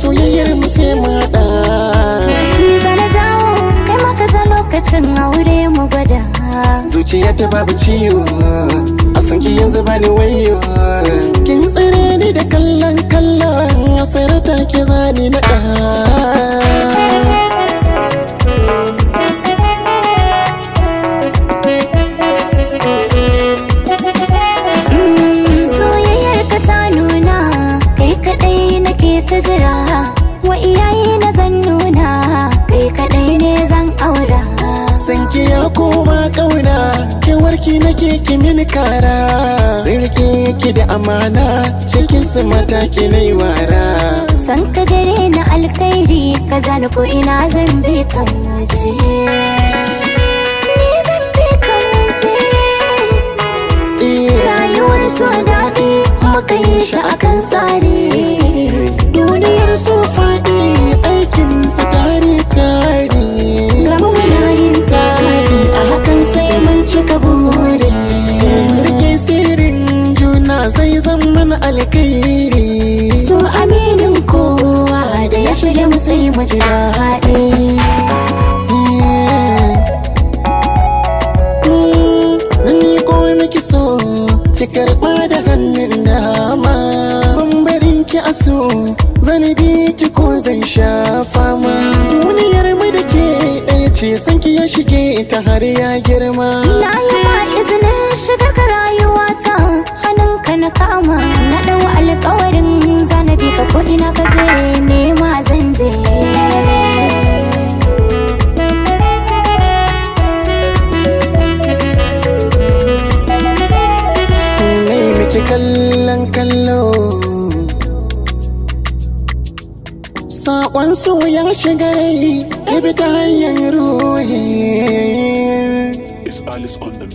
soyayyar mu sai mu haɗa Biza na jawo kai maka za lokacin aure mu gwada Zuciya ta babu ciwo a sanki yanzu ba ni wayo Kin tsare ni da kallon kallon a sayar ta ke zani na ɗan. wa iyaye na zan nuna kai kadai ne zan aura sanki ya koma kauna kewarki nake kimin kara zirki ki da amana cikin su mataki na wara san ka gare na alkhairi ka zani ko ina zan bi kan waje rayuwar so daɗi muka yi shi kan tsari duniyar so alkhairi su aminin kowa da ya shige mu sai mu ji daɗi mm, so ki karɓa da hannun dama bambarin ki aso zanabi ki ko zan sha fama shige ta har ya girma na yi ma izinin shiga ka rayuwa ta hannunka na kama na ɗau alƙawarin zanabi ka ko ina ka je nema zan je kallon kallo Saƙon ya shiga on the